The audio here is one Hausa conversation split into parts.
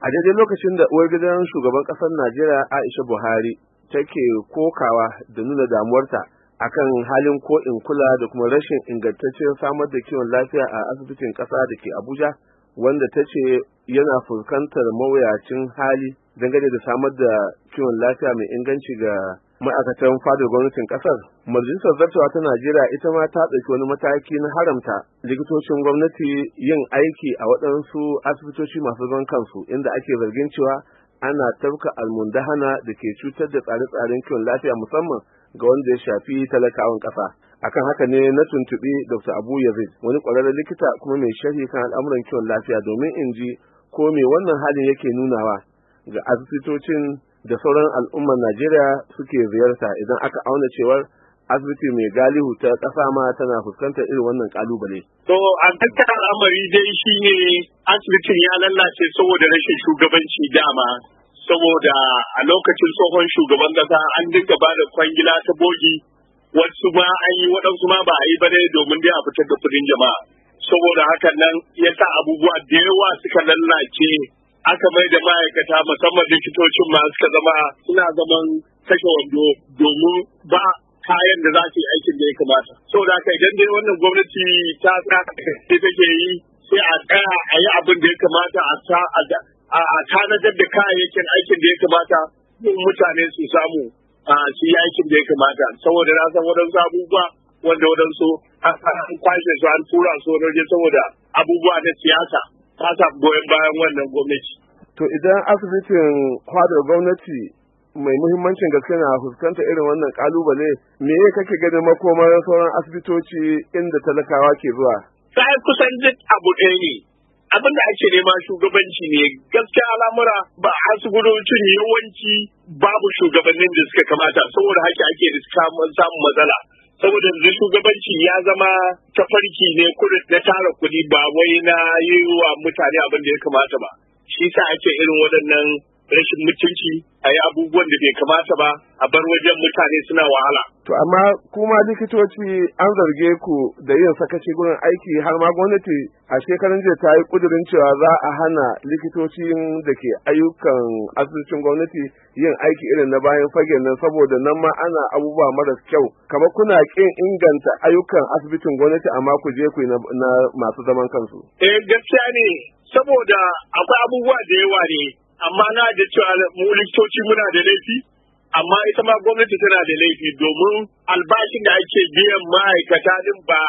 a daidai lokacin da uwar gidan shugaban ƙasar najeriya aisha buhari take kokawa da nuna damuwarta akan halin ko'in kula da kuma rashin ingantaccen samar da kiwon lafiya a asibitin ƙasa da ke abuja wanda ta ce yana fuskantar mawuyacin hali dangane da samar da kiwon lafiya mai inganci ga ma'aikatan fadar gwamnatin kasar majalisar zartawa ta najeriya ita ma ta ɗauki wani mataki na haramta likitocin gwamnati yin aiki a waɗansu asibitoci masu zan kansu inda ake zargin cewa ana tafka almundahana da ke cutar da tsare-tsaren kiwon lafiya musamman ga wanda ya shafi talakawan ƙasa akan haka ne na tuntuɓi dr abu yazid wani ƙwararren likita kuma mai sharhi kan al'amuran kiwon lafiya domin in ji ko me wannan halin yake nunawa ga asibitocin da sauran al'ummar najeriya suke ziyarta idan aka auna cewar asibiti mai galihu ta ƙasa ma tana fuskantar irin wannan kalubale. To a tattara al'amari dai shi ne asibitin ya lallace saboda rashin shugabanci dama saboda a lokacin tsohon shugaban ƙasa an dinga ba da kwangila ta bogi wasu ma an yi waɗansu ma ba a yi ba ne domin dai a fitar da kudin jama'a saboda hakan nan ya abubuwa da yawa suka lallace aka mai da ma'aikata musamman likitocin ma suka zama suna zaman kashe wando domin ba kayan da za su yi aikin da ya kamata. da haka idan dai wannan gwamnati ta tsaka da take yi sai a tsaya a yi abin da ya kamata a tanadar da kayayyakin aikin da ya kamata mutane su samu su yi aikin da ya kamata. Saboda na san waɗansu abubuwa wanda waɗansu an kwashe su an tura su wajen saboda abubuwa na siyasa. ba sa goyon bayan wannan gwamnati. To idan asibitin kwadar gwamnati mai muhimmancin gaske na fuskanta irin wannan kalubale me kake ganin makomar sauran asibitoci inda talakawa ke zuwa? Sai kusan duk abu ɗaya ne. Abin da ake nema shugabanci ne gaske al'amura ba asibitocin yawanci babu shugabannin da suka kamata saboda haka ake samun matsala. saboda yanzu shugabanci ya zama tafarki ne kudin na tara kuɗi ba wai na yi wa mutane abin da ya kamata ba shi sa ake irin waɗannan rashin mutunci a yi abubuwan da bai kamata ba a bar wajen mutane suna wahala To amma kuma likitoci an zarge ku da yin sakaci gurin aiki har ma gwamnati a shekaran jiya ta yi kudirin cewa za a hana likitocin da ke ayyukan asibitin gwamnati yin aiki irin na bayan fage nan saboda nan ma ana abubuwa maras kyau kamar kuna kin inganta ayyukan asibitin gwamnati amma ku je ku na masu zaman kansu. Eh gaskiya ne saboda akwai abubuwa da yawa ne amma na da cewa mu likitoci muna da laifi amma ita ma gwamnati tana da laifi domin albashin da ake biyan ma'aikata din ba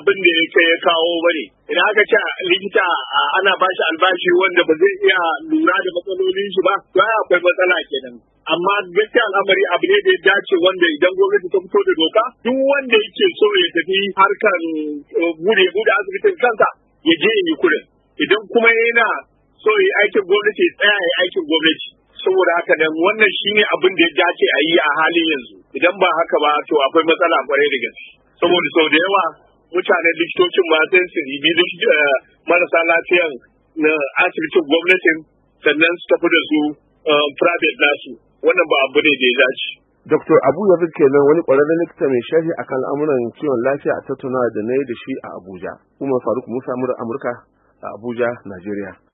abin da ya kai ya kawo ba ne idan aka ce likita ana bashi albashi wanda ba zai iya lura da matsalolin shi ba to akwai matsala kenan amma gaskiya al'amari abu ne da ya dace wanda idan gwamnati ta fito da doka duk wanda yake so ya tafi harkan eh, bude bude asibitin kansa ya je yi kudin idan kuma yana so ya aikin gwamnati ya tsaya ya aikin gwamnati saboda haka nan wannan shine abin da ya dace a yi a halin yanzu idan ba haka ba to akwai matsala kwarai da gaske saboda sau da yawa mutane likitocin ma sai su ribi eh, marasa lafiyan na asibitin gwamnatin sannan su tafi da su eh, private nasu wannan ba abu ne da ya dace Dr. Abu Yazid kenan wani ƙwararren likita mai sharhi akan al'amuran kiwon lafiya a tattauna da na yi da shi a Abuja. Umar Faruk Musa Amurka a Abuja, Najeriya.